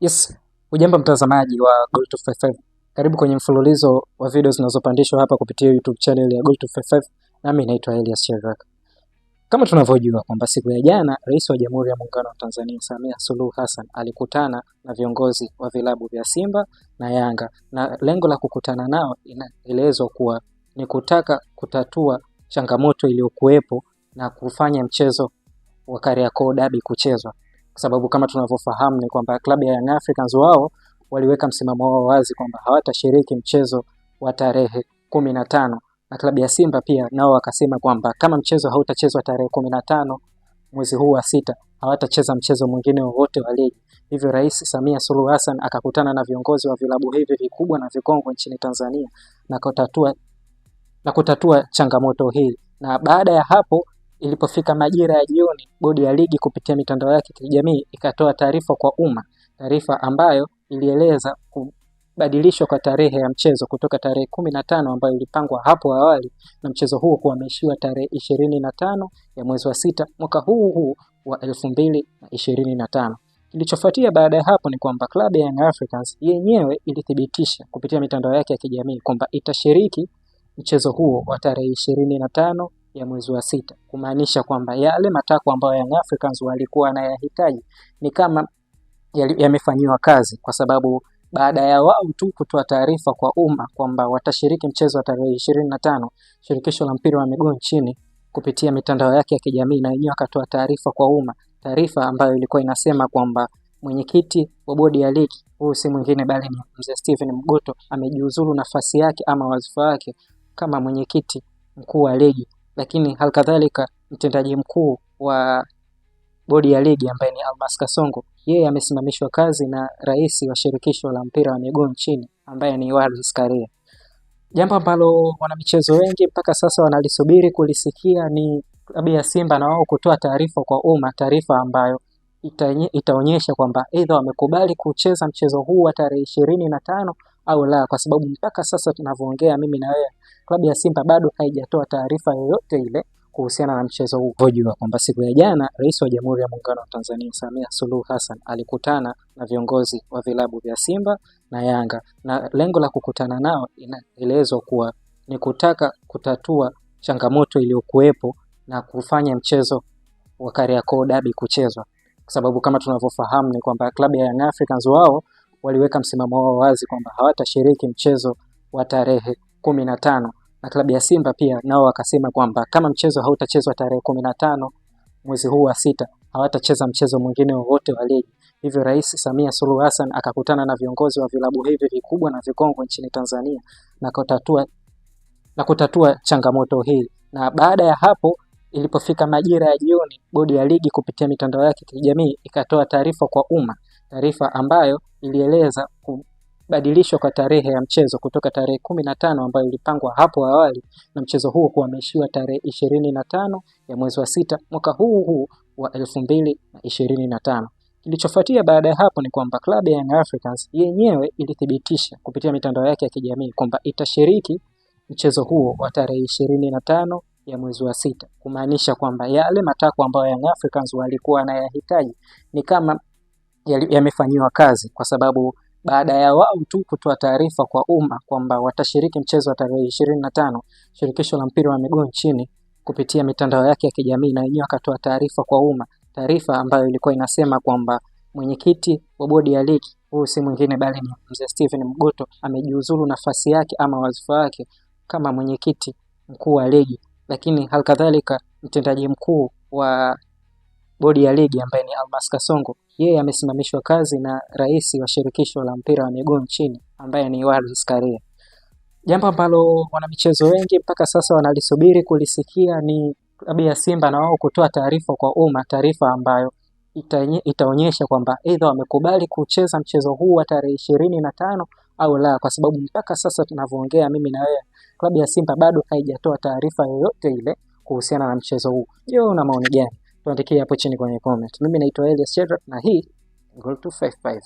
Yes, hujambo mtazamaji wa Goal255. Karibu kwenye mfululizo wa video zinazopandishwa hapa kupitia YouTube channel ya Goal255 nami naitwa Elias Cherak. Kama tunavyojua kwamba siku ya jana Rais wa Jamhuri ya Muungano wa Tanzania Samia Suluhu Hassan alikutana na viongozi wa vilabu vya Simba na Yanga na lengo la kukutana nao inaelezwa kuwa ni kutaka kutatua changamoto iliyokuwepo na kufanya mchezo wa Kariakoo Derby kuchezwa kwa sababu kama tunavyofahamu ni kwamba klabu ya Young Africans wao waliweka msimamo wao wazi kwamba hawatashiriki mchezo wa tarehe kumi na tano na klabu ya Simba pia nao wakasema kwamba kama mchezo hautachezwa tarehe kumi na tano mwezi huu wa sita hawatacheza mchezo mwingine wowote wa ligi. Hivyo Rais Samia Suluhu Hassan akakutana na viongozi wa vilabu hivi vikubwa na vikongwe nchini Tanzania na kutatua, na kutatua changamoto hii, na baada ya hapo Ilipofika majira ya jioni, bodi ya ligi kupitia mitandao yake kijamii ikatoa taarifa kwa umma, taarifa ambayo ilieleza kubadilishwa kwa tarehe ya mchezo kutoka tarehe kumi na tano ambayo ilipangwa hapo awali na mchezo huo kuhamishiwa tarehe ishirini na tano ya mwezi wa sita mwaka huu huu wa elfu mbili na ishirini na tano. Kilichofuatia baada ya hapo ni kwamba klabu ya Young Africans yenyewe ilithibitisha kupitia mitandao yake ya kijamii kwamba itashiriki mchezo huo wa tarehe ishirini na tano ya mwezi wa sita, kumaanisha kwamba yale matakwa ambayo Young Africans walikuwa wanayahitaji ni kama yamefanyiwa kazi, kwa sababu baada ya wao tu kutoa taarifa kwa umma kwamba watashiriki mchezo wa tarehe ishirini na tano, shirikisho la mpira wa miguu nchini kupitia mitandao yake ya kijamii na wenyewe akatoa taarifa kwa umma, taarifa ambayo ilikuwa inasema kwamba mwenyekiti wa bodi ya ligi huyu si mwingine bali ni mzee Steven Mguto amejiuzulu nafasi yake ama wadhifa wake kama mwenyekiti mkuu wa ligi lakini halikadhalika mtendaji mkuu wa bodi ya ligi ambaye ni Almas Kasongo yeye amesimamishwa kazi na rais wa shirikisho la mpira wa miguu nchini ambaye ni Wallace Karia, jambo ambalo wanamichezo wengi mpaka sasa wanalisubiri kulisikia ni klabu ya Simba na wao kutoa taarifa kwa umma, taarifa ambayo itaonyesha kwamba aidha wamekubali kucheza mchezo huu wa tarehe ishirini na tano au la, kwa sababu mpaka sasa tunavyoongea mimi na wewe, klabu ya Simba bado haijatoa taarifa yoyote ile kuhusiana na mchezo huu. Unajua kwamba siku ya jana Rais wa Jamhuri ya Muungano wa Tanzania Samia Suluhu Hassan alikutana na viongozi wa vilabu vya Simba na Yanga, na lengo la kukutana nao inaelezwa kuwa ni kutaka kutatua changamoto iliyokuwepo na kufanya mchezo wa Kariakoo Derby kuchezwa, kwa sababu kama tunavyofahamu ni kwamba klabu ya Young Africans wao waliweka msimamo wao wazi kwamba hawatashiriki mchezo wa tarehe kumi na tano na klabu ya Simba pia nao wakasema kwamba kama mchezo hautachezwa tarehe kumi na tano mwezi huu wa sita hawatacheza mchezo mwingine wowote wa ligi. Hivyo Rais Samia Suluhu Hassan akakutana na viongozi wa vilabu hivi vikubwa na vikongwe nchini Tanzania na kutatua, na kutatua changamoto hii. Na baada ya hapo ilipofika majira ya jioni, bodi ya ligi kupitia mitandao yake kijamii ikatoa taarifa kwa umma, taarifa ambayo ilieleza kubadilishwa kwa tarehe ya mchezo kutoka tarehe kumi na tano ambayo ilipangwa hapo awali na mchezo huo kuhamishiwa tarehe ishirini na tano ya mwezi wa sita mwaka huu huu wa elfu mbili na ishirini na tano. Kilichofuatia baada ya hapo ni kwamba klabu ya Young Africans yenyewe ilithibitisha kupitia mitandao yake ya kijamii kwamba itashiriki mchezo huo wa tarehe ishirini na tano ya mwezi wa sita, kumaanisha kwamba yale matakwa ambayo Young Africans walikuwa wanayahitaji ni kama yamefanyiwa kazi, kwa sababu baada ya wao tu kutoa taarifa kwa umma kwamba watashiriki mchezo wa tarehe ishirini na tano, shirikisho la mpira wa miguu nchini kupitia mitandao yake ya kijamii na wenyewe akatoa taarifa kwa umma, taarifa ambayo ilikuwa inasema kwamba mwenyekiti wa bodi ya ligi huyu si mwingine bali ni mzee Steven Mguto amejiuzulu nafasi yake ama wadhifa wake kama mwenyekiti mkuu wa ligi, lakini halikadhalika mtendaji mkuu wa bodi ya ligi ambaye ni Almas Kasongo, yeye amesimamishwa kazi na rais wa shirikisho la mpira wa miguu nchini ambaye ni Wallace Karia, jambo ambalo wanamichezo wengi mpaka sasa wanalisubiri kulisikia ni klabu ya Simba na wao kutoa taarifa kwa umma, taarifa ambayo itaonyesha kwamba aidha wamekubali kucheza mchezo huu wa tarehe ishirini na tano au la, kwa sababu mpaka sasa tunavyoongea mimi na wewe, klabu ya Simba bado haijatoa taarifa yoyote ile kuhusiana na mchezo huu. Je, una maoni gani? tuandikie hapo chini kwenye comment. Mimi naitwa Elias Shedrack na hii Goal255.